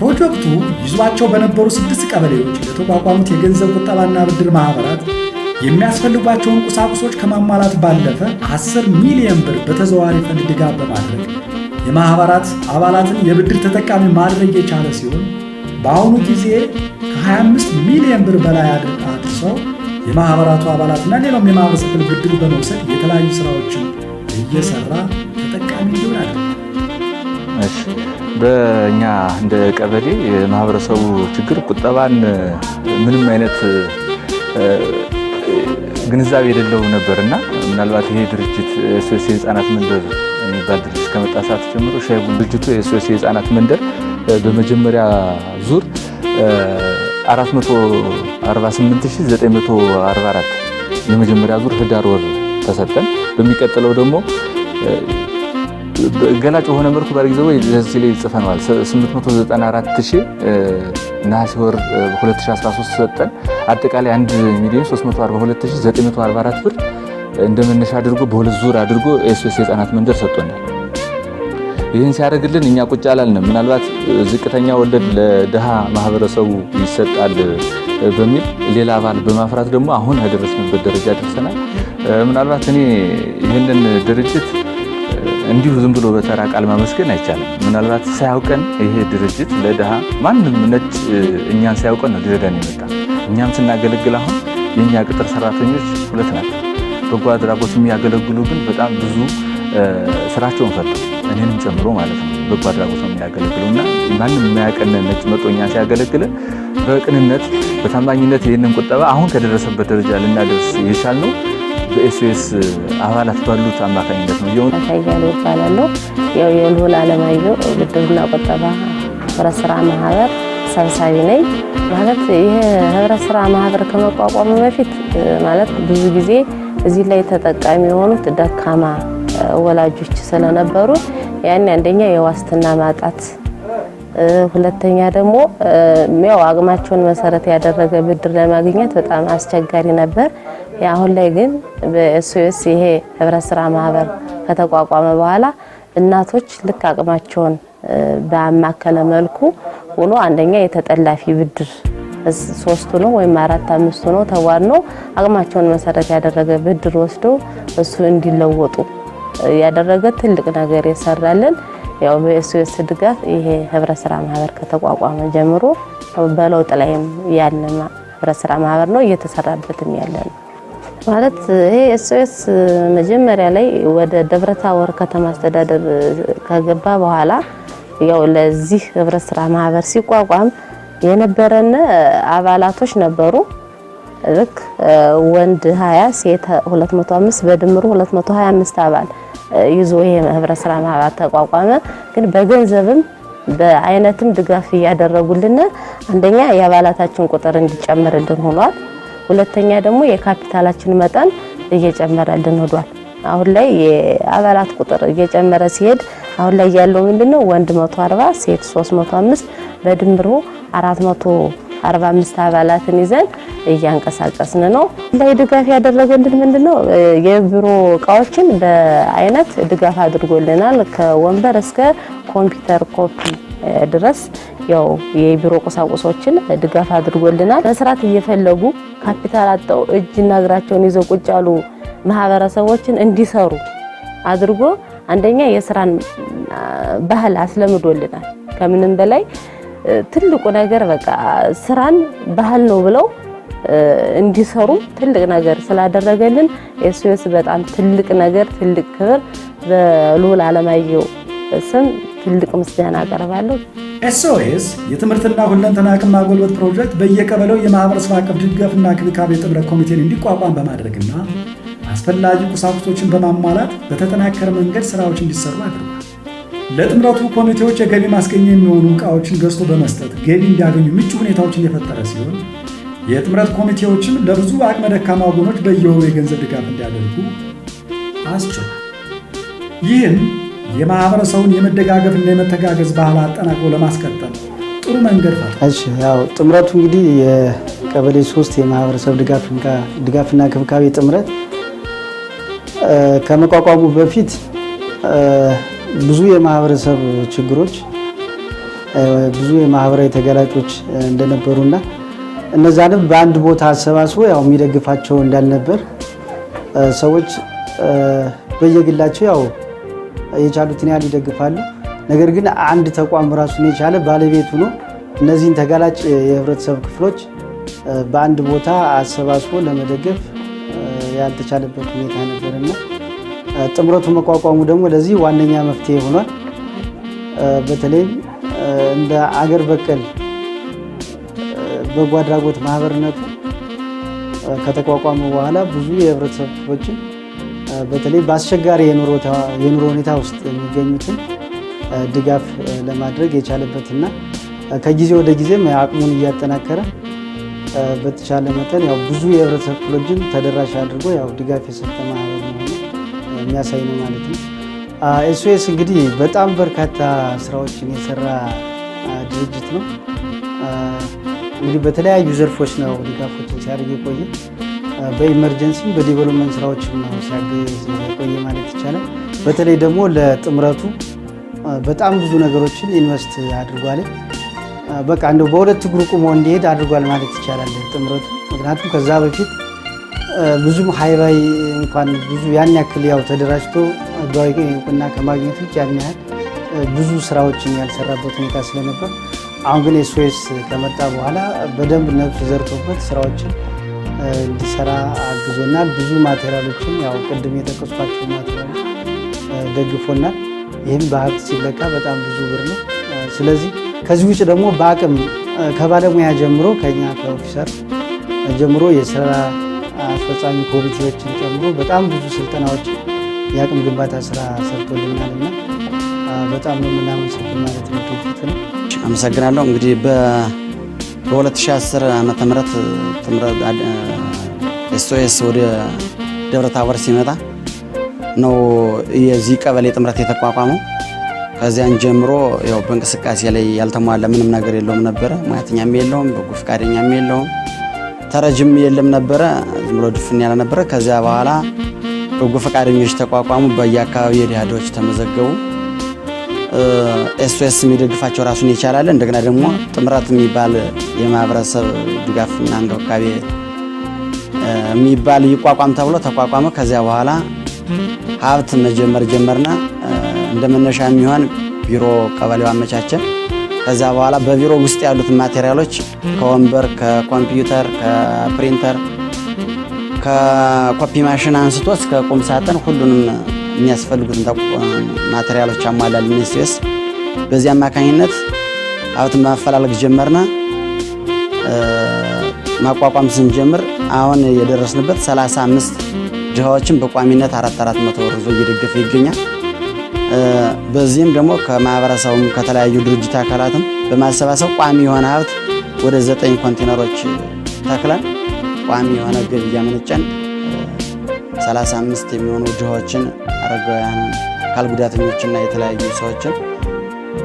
ፕሮጀክቱ ይዟቸው በነበሩ ስድስት ቀበሌዎች የተቋቋሙት የገንዘብ ቁጠባና ብድር ማህበራት የሚያስፈልጓቸውን ቁሳቁሶች ከማሟላት ባለፈ 10 ሚሊዮን ብር በተዘዋዋሪ ፈንድ ድጋፍ በማድረግ የማህበራት አባላትን የብድር ተጠቃሚ ማድረግ የቻለ ሲሆን በአሁኑ ጊዜ ከ25 ሚሊዮን ብር በላይ አድርሰው የማህበራቱ አባላትና ሌላውም የማህበረሰብ ብድር በመውሰድ የተለያዩ ስራዎችን እየሰራ ተጠቃሚ እንዲሆን በእኛ እንደ ቀበሌ የማህበረሰቡ ችግር ቁጠባን ምንም አይነት ግንዛቤ የሌለው ነበር እና ምናልባት ይሄ ድርጅት የሶሴ ህፃናት መንደር የሚባል ድርጅት ከመጣ ሰዓት ጀምሮ ሻይ ቡና ድርጅቱ የሶሴ ህፃናት መንደር በመጀመሪያ ዙር 448944 የመጀመሪያ ዙር ህዳር ወር ተሰጠን። በሚቀጥለው ደግሞ ገላጭ በሆነ መልኩ ባለጊዜ ወይ ላይ ጽፈነዋል። 894 ሺህ ነሐሴ ወር 2013 ሰጠን። አጠቃላይ 1 ሚሊዮን 342944 ብር እንደመነሻ አድርጎ በሁለት ዙር አድርጎ ኤስኤስ የህፃናት መንደር ሰጥቶናል። ይህን ሲያደርግልን እኛ ቁጭ አላልንም። ምናልባት ዝቅተኛ ወለድ ለድሃ ማህበረሰቡ ይሰጣል በሚል ሌላ አባል በማፍራት ደግሞ አሁን ከደረስንበት ደረጃ ደርሰናል። ምናልባት እኔ ይህንን ድርጅት እንዲሁ ዝም ብሎ በተራ ቃል ማመስገን አይቻልም። ምናልባት ሳያውቀን ይሄ ድርጅት ለድሃ ማንም ነጭ እኛን ሳያውቀን ነው ሊረዳን የመጣ። እኛም ስናገለግል አሁን የእኛ ቅጥር ሰራተኞች ሁለት ናቸው። በጎ አድራጎት የሚያገለግሉ ግን በጣም ብዙ ስራቸውን ፈጡ፣ እኔንም ጨምሮ ማለት ነው በጎ አድራጎት ነው የሚያገለግሉ እና ማንም የማያውቀን ነጭ መጦ እኛን ሲያገለግል በቅንነት በታማኝነት ይህንን ቁጠባ አሁን ከደረሰበት ደረጃ ልናደርስ የቻል ነው በኤስቢኤስ አባላት ባሉት አማካኝነት ነው። ይሁን ታያሉ እባላለሁ። ያው የልዑል አለማየሁ ብድርና ቁጠባ ህብረት ስራ ማህበር ሰብሳቢ ነኝ። ማለት ይህ ህብረት ስራ ማህበር ከመቋቋሙ በፊት ማለት ብዙ ጊዜ እዚህ ላይ ተጠቃሚ የሆኑት ደካማ ወላጆች ስለነበሩ ያን አንደኛ የዋስትና ማጣት ሁለተኛ ደግሞ ያው አቅማቸውን መሰረት ያደረገ ብድር ለማግኘት በጣም አስቸጋሪ ነበር። አሁን ላይ ግን በኤስኦኤስ ይሄ ህብረት ስራ ማህበር ከተቋቋመ በኋላ እናቶች ልክ አቅማቸውን በአማከለ መልኩ ሆኖ አንደኛ የተጠላፊ ብድር ሶስቱ ነው ወይም አራት አምስቱ ነው ተዋድኖ አቅማቸውን መሰረት ያደረገ ብድር ወስዶ እሱ እንዲለወጡ ያደረገ ትልቅ ነገር የሰራልን ያው በኤስኦኤስ ድጋፍ ይሄ ህብረት ስራ ማህበር ከተቋቋመ ጀምሮ በለውጥ ላይም ያለ ህብረት ስራ ማህበር ነው እየተሰራበትም ያለ ነው። ማለት ይሄ ኤስኦኤስ መጀመሪያ ላይ ወደ ደብረታቦር ከተማ አስተዳደር ከገባ በኋላ ያው ለዚህ ህብረት ስራ ማህበር ሲቋቋም የነበረን አባላቶች ነበሩ። ልክ ወንድ 20 ሴት 205 በድምሩ 225 አባል ይዞ ይሄ ህብረት ስራ ማህበር ተቋቋመ። ግን በገንዘብም በአይነትም ድጋፍ እያደረጉልን አንደኛ የአባላታችን ቁጥር እንዲጨምርልን ሆኗል። ሁለተኛ ደግሞ የካፒታላችን መጠን እየጨመረልን ሄዷል። አሁን ላይ የአባላት ቁጥር እየጨመረ ሲሄድ አሁን ላይ ያለው ምንድነው ወንድ 140 ሴት 305 በድምሩ 445 አባላትን ይዘን እያንቀሳቀስን ነው። ላይ ድጋፍ ያደረገልን ምንድነው የቢሮ እቃዎችን በአይነት ድጋፍ አድርጎልናል። ከወንበር እስከ ኮምፒውተር ኮፒ ድረስ ያው የቢሮ ቁሳቁሶችን ድጋፍ አድርጎልናል። መስራት እየፈለጉ ካፒታል አጠው እጅና እግራቸውን ይዘው ቁጭ ያሉ ማህበረሰቦችን እንዲሰሩ አድርጎ አንደኛ የስራን ባህል አስለምዶልናል። ከምንም በላይ ትልቁ ነገር በቃ ስራን ባህል ነው ብለው እንዲሰሩ ትልቅ ነገር ስላደረገልን ኤስዮስ በጣም ትልቅ ነገር ትልቅ ክብር በልዑል አለማየሁ ስም ትልቅ ምስጋና አቀርባለሁ። ኤስኦኤስ የትምህርትና ሁለንተና አቅም ማጎልበት ፕሮጀክት በየቀበሌው የማህበረሰብ አቀፍ ድጋፍና ክብካቤ ጥምረት ኮሚቴን እንዲቋቋም በማድረግና አስፈላጊ ቁሳቁሶችን በማሟላት በተጠናከረ መንገድ ስራዎች እንዲሰሩ አድርጓል። ለጥምረቱ ኮሚቴዎች የገቢ ማስገኛ የሚሆኑ እቃዎችን ገዝቶ በመስጠት ገቢ እንዲያገኙ ምቹ ሁኔታዎችን የፈጠረ ሲሆን የጥምረት ኮሚቴዎችም ለብዙ አቅመ ደካማ ወገኖች በየወሩ የገንዘብ ድጋፍ እንዲያደርጉ አስችሏል። ይህም የማህበረሰቡን የመደጋገፍና የመተጋገዝ ባህል አጠናቅሮ ለማስቀጠል ጥሩ መንገድ ያው ጥምረቱ እንግዲህ የቀበሌ ሶስት የማህበረሰብ ድጋፍና እንክብካቤ ጥምረት ከመቋቋሙ በፊት ብዙ የማህበረሰብ ችግሮች ብዙ የማህበራዊ እንደነበሩ እንደነበሩና እነዛንም በአንድ ቦታ አሰባስቦ ያው የሚደግፋቸው እንዳልነበር ሰዎች በየግላቸው ያው የቻሉትን ያህል ይደግፋሉ። ነገር ግን አንድ ተቋም ራሱን የቻለ ባለቤት ሆኖ እነዚህን ተጋላጭ የህብረተሰብ ክፍሎች በአንድ ቦታ አሰባስቦ ለመደገፍ ያልተቻለበት ሁኔታ ነበርና ጥምረቱ መቋቋሙ ደግሞ ለዚህ ዋነኛ መፍትሄ ሆኗል። በተለይም እንደ አገር በቀል በጎ አድራጎት ማህበርነቱ ከተቋቋመ በኋላ ብዙ የህብረተሰብ ክፍሎችን በተለይ በአስቸጋሪ የኑሮ ሁኔታ ውስጥ የሚገኙትን ድጋፍ ለማድረግ የቻለበትና ከጊዜ ወደ ጊዜም አቅሙን እያጠናከረ በተቻለ መጠን ያው ብዙ የህብረተሰብ ክፍሎችን ተደራሽ አድርጎ ያው ድጋፍ የሰጠ ማህበር የሚያሳይ ነው ማለት ነው። ኤስኦኤስ እንግዲህ በጣም በርካታ ስራዎችን የሰራ ድርጅት ነው። እንግዲህ በተለያዩ ዘርፎች ነው ድጋፎችን ሲያደርግ የቆየ በኢመርጀንሲ በዲቨሎፕመንት ስራዎች ነው ሲያግዝ ማለት ይቻላል። በተለይ ደግሞ ለጥምረቱ በጣም ብዙ ነገሮችን ኢንቨስት አድርጓል። በቃ እንደው በሁለት እግሩ ቁሞ እንዲሄድ አድርጓል ማለት ይቻላል ጥምረቱ። ምክንያቱም ከዛ በፊት ብዙም ሀይባይ እንኳን ብዙ ያን ያክል ያው ተደራጅቶ ህጋዊ እውቅና ከማግኘት ውጭ ያን ያህል ብዙ ስራዎችን ያልሰራበት ሁኔታ ስለነበር አሁን ግን ኤስ ኦ ኤስ ከመጣ በኋላ በደንብ ነፍስ ዘርቶበት ስራዎችን እንዲሰራ አግዞናል። ብዙ ማቴሪያሎችን ያው ቅድም የጠቀስኳቸው ማቴሪያሎች ደግፎናል። ይህም በሀብት ሲለካ በጣም ብዙ ብር ነው። ስለዚህ ከዚህ ውጭ ደግሞ በአቅም ከባለሙያ ጀምሮ ከኛ ከኦፊሰር ጀምሮ የስራ አስፈጻሚ ኮሚቴዎችን ጨምሮ በጣም ብዙ ስልጠናዎች የአቅም ግንባታ ስራ ሰርቶልናል እና በጣም ነው የምናመሰግን ማለት ነው። አመሰግናለሁ እንግዲህ በ2010 ዓ ም ኤስኦኤስ ወደ ደብረ ታቦር ሲመጣ ነው የዚህ ቀበሌ ጥምረት የተቋቋመው። ከዚያን ጀምሮ ያው በእንቅስቃሴ ላይ ያልተሟላ ምንም ነገር የለውም ነበረ። ሙያተኛም የለውም፣ በጎ ፈቃደኛም የለውም፣ ተረጅም የለም ነበረ። ዝም ብሎ ድፍን ያለ ነበረ። ከዚያ በኋላ በጎ ፈቃደኞች ተቋቋሙ። በየአካባቢ የድሃ ተመዘገቡ። ኤስኦኤስ የሚደግፋቸው ራሱን ይቻላል። እንደገና ደግሞ ጥምረት የሚባል የማህበረሰብ ድጋፍና እንክብካቤ የሚባል ይቋቋም ተብሎ ተቋቋመ። ከዚያ በኋላ ሀብት መጀመር ጀመርና እንደ መነሻ የሚሆን ቢሮ ቀበሌው አመቻቸ። ከዚያ በኋላ በቢሮ ውስጥ ያሉት ማቴሪያሎች ከወንበር፣ ከኮምፒውተር፣ ከፕሪንተር፣ ከኮፒ ማሽን አንስቶ እስከ ቁም ሳጥን ሁሉንም የሚያስፈልጉትን ማቴሪያሎች አሟላል ሚኒስትሪስ በዚህ አማካኝነት ሀብትን ማፈላለግ ጀመርና ማቋቋም ስንጀምር አሁን የደረስንበት 35 ድሃዎችን በቋሚነት አራት አራት መቶ ብር እየደገፈ ይገኛል። በዚህም ደግሞ ከማህበረሰቡም ከተለያዩ ድርጅት አካላትም በማሰባሰብ ቋሚ የሆነ ሀብት ወደ ዘጠኝ ኮንቴነሮች ተክለን ቋሚ የሆነ ገቢ እያመነጨን 35 የሚሆኑ ድሆችን፣ አረጋውያን አካል ጉዳተኞችና የተለያዩ ሰዎችን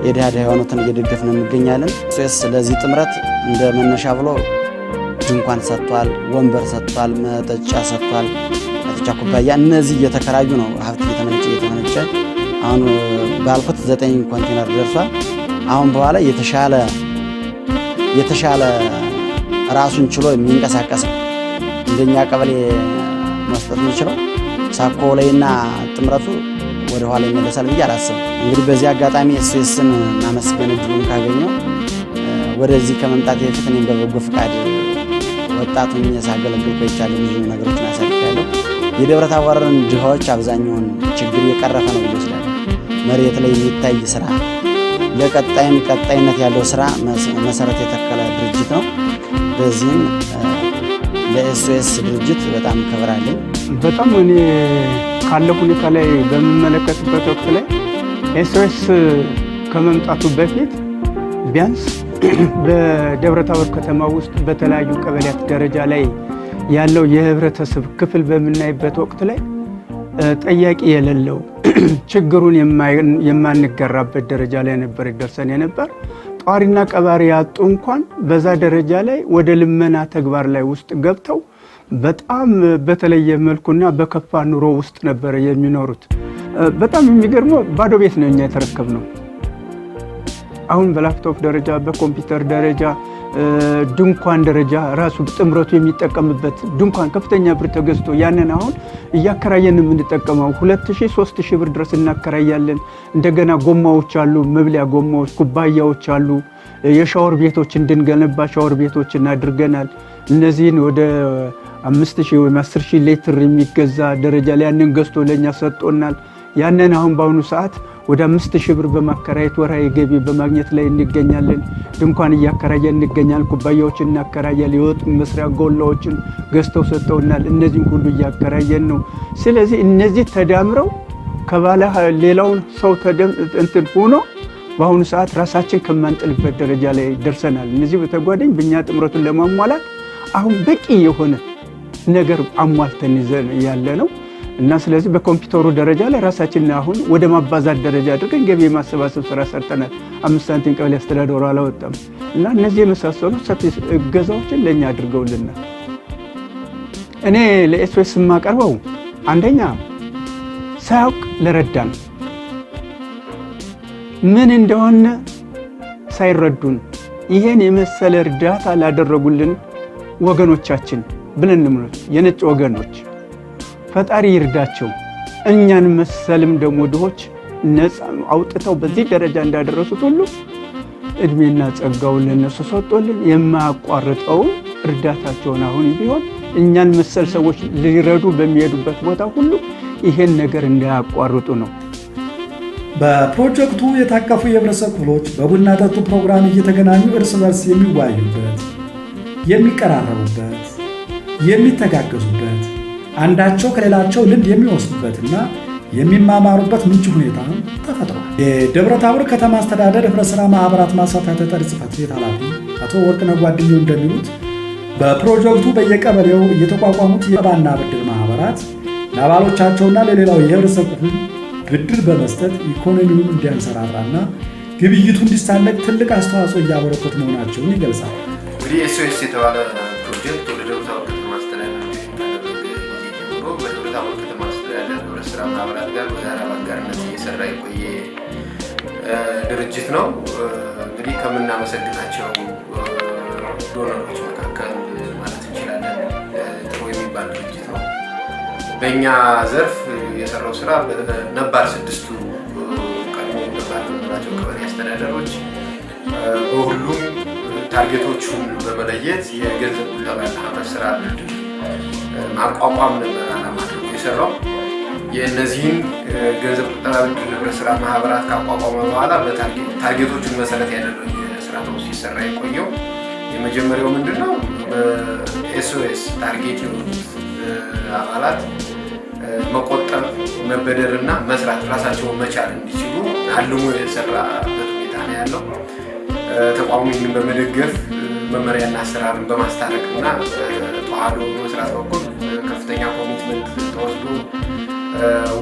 የድሃ ድሃ የሆኑትን እየደገፍን እንገኛለን። ሱስ ለዚህ ጥምረት እንደ መነሻ ብሎ ድንኳን ሰጥቷል፣ ወንበር ሰጥቷል፣ መጠጫ ሰጥቷል፣ መጠጫ ኩባያ። እነዚህ እየተከራዩ ነው ሀብት እየተመነጨ እየተመነጨ አሁን ባልኩት ዘጠኝ ኮንቴነር ደርሷል። አሁን በኋላ የተሻለ የተሻለ ራሱን ችሎ የሚንቀሳቀስ እንደኛ ቀበሌ መስጠት የሚችለው ሳኮ ላይና ጥምረቱ ወደ ኋላ ይመለሳል ብዬ አላስብም። እንግዲህ በዚህ አጋጣሚ ስዊስን ማመስገን እድሉን ካገኘው ወደዚህ ከመምጣት የፊት እኔም በበጎ ፍቃድ ወጣቱ ሳገለግል ቆይቻለሁ። ብዙ ነገሮችን አሳልፌያለሁ። የደብረ ታቦርን ድሃዎች አብዛኛውን ችግር የቀረፈ ነው ይመስላል። መሬት ላይ የሚታይ ስራ ለቀጣይም ቀጣይነት ያለው ስራ መሰረት የተከለ ድርጅት ነው። በዚህም ለኤስኦኤስ ድርጅት በጣም ከብራለኝ። በጣም እኔ ካለው ሁኔታ ላይ በምመለከትበት ወቅት ላይ ኤስኦኤስ ከመምጣቱ በፊት ቢያንስ በደብረታቦር ከተማ ውስጥ በተለያዩ ቀበሌያት ደረጃ ላይ ያለው የህብረተሰብ ክፍል በምናይበት ወቅት ላይ ጠያቂ የሌለው ችግሩን የማንገራበት ደረጃ ላይ ነበር ይደርሰን የነበር ጧሪና ቀባሪ ያጡ እንኳን በዛ ደረጃ ላይ ወደ ልመና ተግባር ላይ ውስጥ ገብተው በጣም በተለየ መልኩና በከፋ ኑሮ ውስጥ ነበር የሚኖሩት። በጣም የሚገርመው ባዶ ቤት ነው እኛ የተረከብነው። አሁን በላፕቶፕ ደረጃ በኮምፒውተር ደረጃ ድንኳን ደረጃ ራሱ ጥምረቱ የሚጠቀምበት ድንኳን ከፍተኛ ብር ተገዝቶ ያንን አሁን እያከራየን የምንጠቀመው ሁለት ሺህ ሶስት ሺህ ብር ድረስ እናከራያለን። እንደገና ጎማዎች አሉ፣ መብሊያ ጎማዎች፣ ኩባያዎች አሉ። የሻወር ቤቶች እንድንገነባ ሻወር ቤቶችን አድርገናል። እነዚህን ወደ አምስት ሺህ ወይም አስር ሺህ ሌትር የሚገዛ ደረጃ ላይ ያንን ገዝቶ ለእኛ ሰጥቶናል። ያንን አሁን በአሁኑ ሰዓት ወደ አምስት ሺህ ብር በማከራየት ወርሃዊ ገቢ በማግኘት ላይ እንገኛለን። ድንኳን እያከራየ እንገኛለን። ኩባያዎችን እናከራያል። የወጥ መስሪያ ጎላዎችን ገዝተው ሰጥተውናል። እነዚህን ሁሉ እያከራየን ነው። ስለዚህ እነዚህ ተዳምረው ከባለ ሌላውን ሰው እንትን ሆኖ በአሁኑ ሰዓት ራሳችን ከማንጥልበት ደረጃ ላይ ደርሰናል። እነዚህ በተጓደኝ በእኛ ጥምረቱን ለማሟላት አሁን በቂ የሆነ ነገር አሟልተን ይዘን ያለ ነው። እና ስለዚህ በኮምፒውተሩ ደረጃ ላይ ራሳችንን አሁን ወደ ማባዛት ደረጃ አድርገን ገቢ የማሰባሰብ ስራ ሰርተናል። አምስት ሳንቲም ቀበሌ አስተዳደሩ አላወጣም። እና እነዚህ የመሳሰሉ ሰፊ እገዛዎችን ለእኛ አድርገውልናል። እኔ ለኤስፔስ የማቀርበው አንደኛ ሳያውቅ ለረዳን ምን እንደሆነ ሳይረዱን ይሄን የመሰለ እርዳታ ላደረጉልን ወገኖቻችን ብለን የነጭ ወገኖች ፈጣሪ ይርዳቸው። እኛን መሰልም ደግሞ ድሆች ነፃ አውጥተው በዚህ ደረጃ እንዳደረሱት ሁሉ እድሜና ጸጋውን ለነሱ ሰጥቶልን የማያቋርጠውን እርዳታቸውን አሁን ቢሆን እኛን መሰል ሰዎች ሊረዱ በሚሄዱበት ቦታ ሁሉ ይሄን ነገር እንዳያቋርጡ ነው። በፕሮጀክቱ የታቀፉ የህብረተሰብ ክፍሎች በቡና ጠጡ ፕሮግራም እየተገናኙ እርስ በርስ የሚወያዩበት፣ የሚቀራረቡበት፣ የሚተጋገዙበት አንዳቸው ከሌላቸው ልምድ የሚወስዱበትና የሚማማሩበት ምቹ ሁኔታ ተፈጥሯል። የደብረ ታቦር ከተማ አስተዳደር ህብረት ማህበራት ማሳተፊያ ተጠሪ ጽሕፈት ቤት ኃላፊ አቶ ወርቅነህ ጓድየው እንደሚሉት በፕሮጀክቱ በየቀበሌው የተቋቋሙት የባና ብድር ማህበራት ለአባሎቻቸውና ለሌላው የህብረተሰብ ክፍል ብድር በመስጠት ኢኮኖሚውን እንዲያንሰራራና ግብይቱ እንዲሳለቅ ትልቅ አስተዋጽኦ እያበረከቱ መሆናቸውን ይገልጻል። እንግዲህ ኤስ ኦ ኤስ የተባለ ፕሮጀክት ወደ ደብረ ታቦር ከማብራት ጋር በጋራ በአጋርነት እየሰራ የቆየ ድርጅት ነው። እንግዲህ ከምናመሰግናቸው ዶነሮች መካከል ማለት እንችላለን። ጥሩ የሚባል ድርጅት ነው። በእኛ ዘርፍ የሰራው ስራ ነባር ስድስቱ ቀድሞ ነባር ናቸው ቀበሌ አስተዳደሮች በሁሉም ታርጌቶቹን በመለየት የገንዘብ ቁጠባና ኅብረት ስራ ማቋቋም ነበር አላማ አድርጎ የሰራው። የእነዚህን ገንዘብ ቁጠባ ብድር ንብረት ስራ ማህበራት ካቋቋመ በኋላ በታርጌቶቹን መሰረት ያደረገ ስራ ነው ሲሰራ የቆየው። የመጀመሪያው ምንድን ነው? በኤስኦኤስ ታርጌት የሆኑት አባላት መቆጠብ መበደርና መስራት ራሳቸውን መቻል እንዲችሉ አልሞ የሰራበት ሁኔታ ነው ያለው። ተቋሙ ይህን በመደገፍ መመሪያና አሰራርን በማስታረቅና ተዋህዶ መስራት በኩል ከፍተኛ ኮሚትመንት ተወስዶ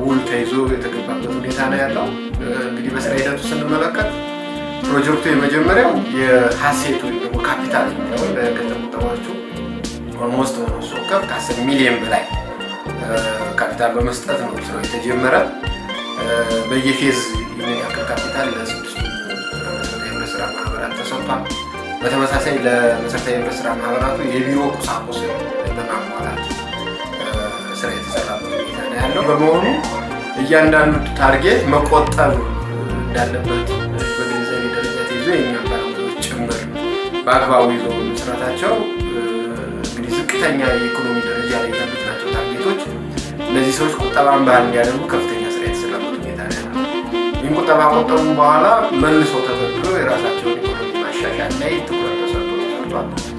ውል ተይዞ የተገባበት ሁኔታ ነው ያለው። እንግዲህ በስራ ሂደቱ ስንመለከት ፕሮጀክቱ የመጀመሪያው የሀሴት ወይም ደግሞ ካፒታል የሚለው ለገንዘብ ቁጠባዎቹ ኦልሞስት ሆኖ ከ ከአስር ሚሊዮን በላይ ካፒታል በመስጠት ነው ስራው የተጀመረ። በየፌዝ ይህንን ያክል ካፒታል ለስድስቱ መሰረታዊ የህብረት ስራ ማህበራት ተሰጥቷል። በተመሳሳይ ለመሰረታዊ የህብረት ስራ ማህበራቱ የቢሮ ቁሳቁስ በማሟላት ስራ የተሰራ ያለው በመሆኑ እያንዳንዱ ታርጌት መቆጠብ እንዳለበት በገንዘብ ደረጃ ተይዞ የእኛም ባለሙያዎች ጭምር በአግባቡ ይዞ መስራታቸው እንግዲህ ዝቅተኛ የኢኮኖሚ ደረጃ ላይ ያሉት ናቸው ታርጌቶች። እነዚህ ሰዎች ቁጠባን ባህል እንዲያደርጉ ከፍተኛ ስራ የተሰራበት ሁኔታ ነው ይህም ቁጠባ ቆጠቡ በኋላ መልሶ ተበድሮ የራሳቸውን ኢኮኖሚ ማሻሻል ላይ ትኩረት ተሰርቶ ተሰርቷል።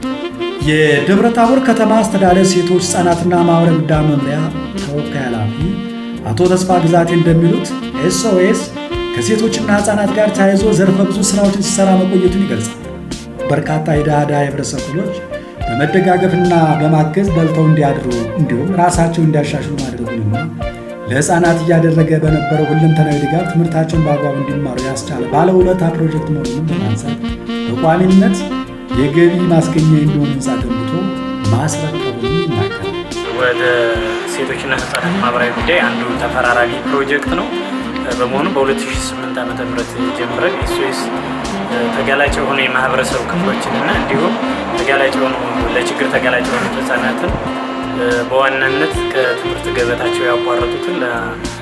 የደብረ ታቦር ከተማ አስተዳደር ሴቶች ሕፃናትና ማኅበረ ጉዳይ መምሪያ ተወካይ ኃላፊ አቶ ተስፋ ግዛቴ እንደሚሉት ኤስኦኤስ ከሴቶችና ሕፃናት ጋር ተያይዞ ዘርፈ ብዙ ስራዎችን ሲሰራ መቆየቱን ይገልጻል። በርካታ የዳዳ የህብረተሰብ ክፍሎች በመደጋገፍና በማገዝ በልተው እንዲያድሩ እንዲሁም ራሳቸው እንዲያሻሽሉ ማድረጉንና ለሕፃናት እያደረገ በነበረው ሁለንተናዊ ድጋፍ ትምህርታቸውን በአግባቡ እንዲማሩ ያስቻለ ባለውለታ ፕሮጀክት መሆኑን በማንሳት በቋሚነት የገቢ ማስገኛ የሚሆን ህንፃ ገንብቶ ማስረከቡን ይናገራል። ወደ ሴቶችና ህፃናት ማህበራዊ ጉዳይ አንዱ ተፈራራቢ ፕሮጀክት ነው። በመሆኑ በ2008 ዓ ም ጀምረን ኤስኦኤስ ተጋላጭ የሆኑ የማህበረሰብ ክፍሎችን እና እንዲሁም ተጋላጭ የሆኑ ለችግር ተጋላጭ የሆኑ ህፃናትን በዋናነት ከትምህርት ገበታቸው ያቋረጡትን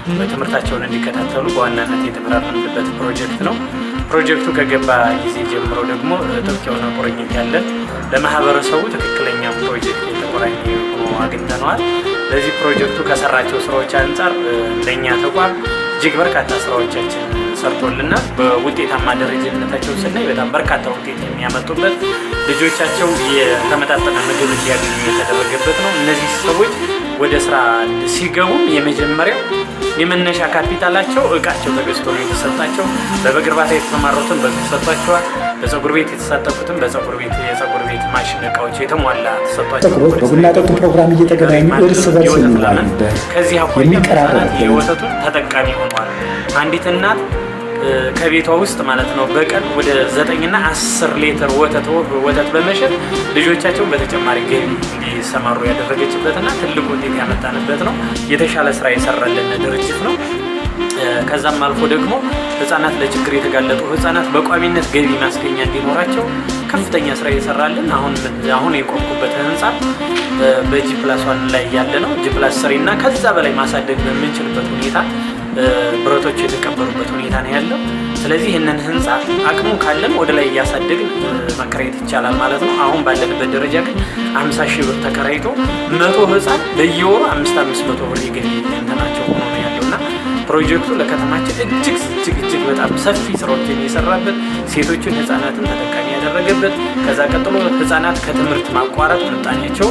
ትምህርታቸውን እንዲከታተሉ በዋናነት የተመራረንበት ፕሮጀክት ነው። ፕሮጀክቱ ከገባ ጊዜ ጀምሮ ደግሞ ጥብቅ የሆነ ቁርኝት ያለን ለማህበረሰቡ ትክክለኛ ፕሮጀክት የተቆራኘ አግኝተነዋል። ለዚህ ፕሮጀክቱ ከሰራቸው ስራዎች አንጻር ለእኛ ተቋም እጅግ በርካታ ስራዎቻችን ሰርቶልና በውጤታማ ደረጃነታቸው ስናይ በጣም በርካታ ውጤት የሚያመጡበት ልጆቻቸው የተመጣጠነ ምግብ እንዲያገኙ የተደረገበት ነው። እነዚህ ሰዎች ወደ ስራ ሲገቡም የመጀመሪያው የመነሻ ካፒታላቸው እቃቸው ተገዝቶ ነው የተሰጣቸው። በበግ እርባታ የተሰማሩትን በግ ተሰጧቸዋል። በፀጉር ቤት የተሳተፉትን በፀጉር ቤት የፀጉር ቤት ማሽን እቃዎች የተሟላ ተሰጥቷቸው በቡና ጠጡ ፕሮግራም እየተገናኙ እርስ በርስ የሚቀራረቡ የወተቱን ተጠቃሚ ሆኗል። አንዲት እናት ከቤቷ ውስጥ ማለት ነው በቀን ወደ ዘጠኝና አስር ሊትር ወተት ወተት በመሸጥ ልጆቻቸውን በተጨማሪ ገቢ እንዲሰማሩ ያደረገችበትና ትልቁ ውጤት ያመጣንበት ነው። የተሻለ ስራ የሰራልን ድርጅት ነው። ከዛም አልፎ ደግሞ ህጻናት ለችግር የተጋለጡ ህጻናት በቋሚነት ገቢ ማስገኛ እንዲኖራቸው ከፍተኛ ስራ እየሰራልን አሁን አሁን የቆምኩበት ህንፃ በጂ ፕላስ ዋን ላይ ያለ ነው። ጂ ፕላስ ስሪ እና ከዛ በላይ ማሳደግ በምንችልበት ሁኔታ ብረቶቹ የተቀበሩበት ሁኔታ ነው ያለው። ስለዚህ ይህንን ህንፃ አቅሙ ካለን ወደ ላይ እያሳደግን መከራየት ይቻላል ማለት ነው። አሁን ባለንበት ደረጃ ግን አምሳ ሺህ ብር ተከራይቶ መቶ ህፃን በየወሩ አምስት አምስት መቶ ብር ይገኝ እንትናቸው ሆኖ ነው ያለው እና ፕሮጀክቱ ለከተማችን እጅግ እጅግ እጅግ በጣም ሰፊ ስራዎችን የሰራበት ሴቶችን ህፃናትን ተጠቃሚ የተደረገበት ከዛ ቀጥሎ ህጻናት ከትምህርት ማቋረጥ ፈጣኛቸው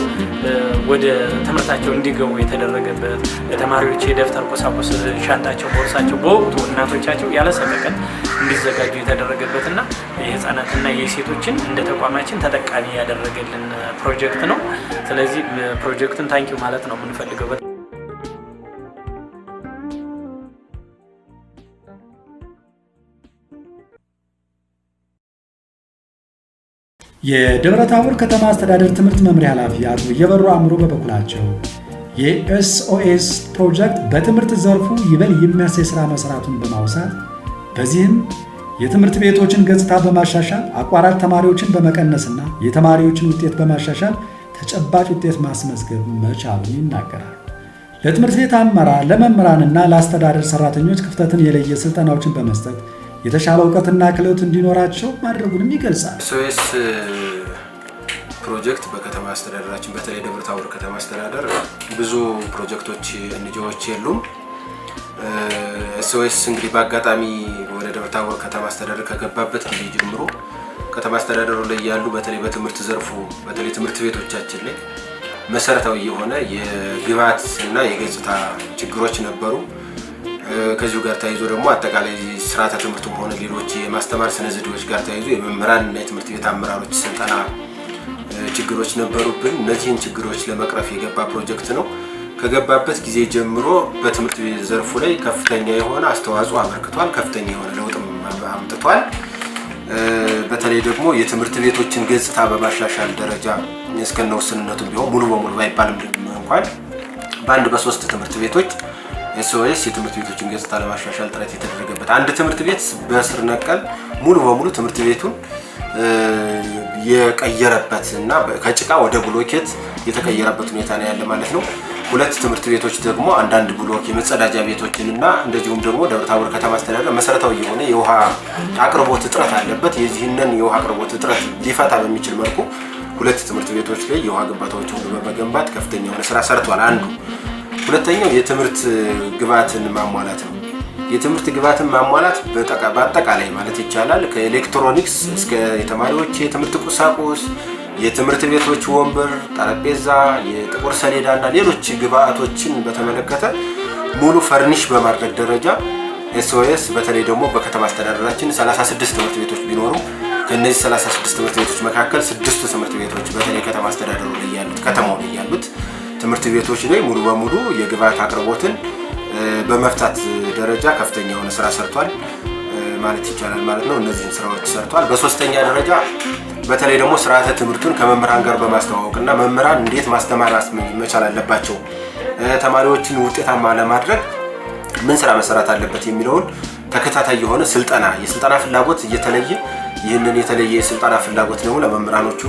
ወደ ትምህርታቸው እንዲገቡ የተደረገበት ለተማሪዎች የደብተር ቁሳቁስ ሻንጣቸው፣ ቦርሳቸው በወቅቱ እናቶቻቸው ያለ ሰቀቀን እንዲዘጋጁ የተደረገበትና የህፃናትና የሴቶችን እንደ ተቋማችን ተጠቃሚ ያደረገልን ፕሮጀክት ነው። ስለዚህ ፕሮጀክቱን ታንኪው ማለት ነው የምንፈልገው። የደብረ ታቦር ከተማ አስተዳደር ትምህርት መምሪያ ኃላፊ አቶ እየበሩ አእምሮ በበኩላቸው የኤስኦኤስ ፕሮጀክት በትምህርት ዘርፉ ይበል የሚያሳይ ስራ መስራቱን በማውሳት በዚህም የትምህርት ቤቶችን ገጽታ በማሻሻል አቋራጭ ተማሪዎችን በመቀነስና የተማሪዎችን ውጤት በማሻሻል ተጨባጭ ውጤት ማስመዝገብ መቻሉን ይናገራል። ለትምህርት ቤት አመራር፣ ለመምህራንና ለአስተዳደር ሰራተኞች ክፍተትን የለየ ስልጠናዎችን በመስጠት የተሻለ እውቀትና ክህሎት እንዲኖራቸው ማድረጉንም ይገልጻል። ኤስኦኤስ ፕሮጀክት በከተማ አስተዳደራችን በተለይ ደብረ ታቦር ከተማ አስተዳደር ብዙ ፕሮጀክቶች እንጂዎች የሉም። ኤስኦኤስ እንግዲህ በአጋጣሚ ወደ ደብረ ታቦር ከተማ አስተዳደር ከገባበት ጊዜ ጀምሮ ከተማ አስተዳደሩ ላይ ያሉ በተለይ በትምህርት ዘርፉ በተለይ ትምህርት ቤቶቻችን ላይ መሰረታዊ የሆነ የግብዓት እና የገጽታ ችግሮች ነበሩ። ከዚሁ ጋር ተያይዞ ደግሞ አጠቃላይ ስርዓተ ትምህርቱም ሆነ ሌሎች የማስተማር ስነ ዘዴዎች ጋር ተያይዞ የመምህራን እና የትምህርት ቤት አመራሮች ስልጠና ችግሮች ነበሩብን። እነዚህን ችግሮች ለመቅረፍ የገባ ፕሮጀክት ነው። ከገባበት ጊዜ ጀምሮ በትምህርት ቤት ዘርፉ ላይ ከፍተኛ የሆነ አስተዋጽኦ አበርክቷል። ከፍተኛ የሆነ ለውጥም አምጥቷል። በተለይ ደግሞ የትምህርት ቤቶችን ገጽታ በማሻሻል ደረጃ እስከነ ውስንነቱ ቢሆን ሙሉ በሙሉ ባይባልም እንኳን በአንድ በሶስት ትምህርት ቤቶች ኤስኦኤስ የትምህርት ቤቶችን ገጽታ ለማሻሻል ጥረት የተደረገበት አንድ ትምህርት ቤት በስር ነቀል ሙሉ በሙሉ ትምህርት ቤቱን የቀየረበት እና ከጭቃ ወደ ብሎኬት የተቀየረበት ሁኔታ ነው ያለ ማለት ነው። ሁለት ትምህርት ቤቶች ደግሞ አንዳንድ ብሎክ የመጸዳጃ ቤቶችን እና እንደዚሁም ደግሞ ደብረ ከተማ አስተዳደር መሰረታዊ የሆነ የውሃ አቅርቦት እጥረት አለበት። የዚህንን የውሃ አቅርቦት እጥረት ሊፈታ በሚችል መልኩ ሁለት ትምህርት ቤቶች ላይ የውሃ ግንባታዎችን በመገንባት ከፍተኛ የሆነ ስራ ሰርቷል። አንዱ ሁለተኛው የትምህርት ግብዓትን ማሟላት ነው። የትምህርት ግብዓትን ማሟላት በአጠቃላይ ማለት ይቻላል ከኤሌክትሮኒክስ እስከ የተማሪዎች የትምህርት ቁሳቁስ፣ የትምህርት ቤቶች ወንበር፣ ጠረጴዛ፣ የጥቁር ሰሌዳ እና ሌሎች ግብዓቶችን በተመለከተ ሙሉ ፈርኒሽ በማድረግ ደረጃ ኤስኦኤስ በተለይ ደግሞ በከተማ አስተዳደራችን 36 ትምህርት ቤቶች ቢኖሩ ከእነዚህ 36 ትምህርት ቤቶች መካከል ስድስቱ ትምህርት ቤቶች በተለይ ከተማ አስተዳደሩ ላይ ያሉት ከተማው ላይ ያሉት ትምህርት ቤቶች ላይ ሙሉ በሙሉ የግብዓት አቅርቦትን በመፍታት ደረጃ ከፍተኛ የሆነ ስራ ሰርቷል ማለት ይቻላል ማለት ነው። እነዚህን ስራዎች ሰርቷል። በሶስተኛ ደረጃ በተለይ ደግሞ ስርዓተ ትምህርቱን ከመምህራን ጋር በማስተዋወቅ እና መምህራን እንዴት ማስተማር መቻል አለባቸው፣ ተማሪዎችን ውጤታማ ለማድረግ ምን ስራ መሰራት አለበት የሚለውን ተከታታይ የሆነ ስልጠና የስልጠና ፍላጎት እየተለየ ይህንን የተለየ የስልጠና ፍላጎት ደግሞ ለመምህራኖቹ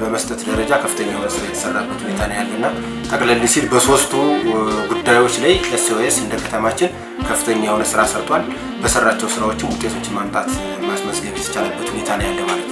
በመስጠት ደረጃ ከፍተኛ የሆነ ስራ የተሰራበት ሁኔታ ነው ያለና ጠቅለል ሲል በሶስቱ ጉዳዮች ላይ ኤስኦኤስ እንደ ከተማችን ከፍተኛ የሆነ ስራ ሰርቷል። በሰራቸው ስራዎችም ውጤቶችን ማምጣት ማስመዝገብ የተቻለበት ሁኔታ ነው ያለ ማለት ነው።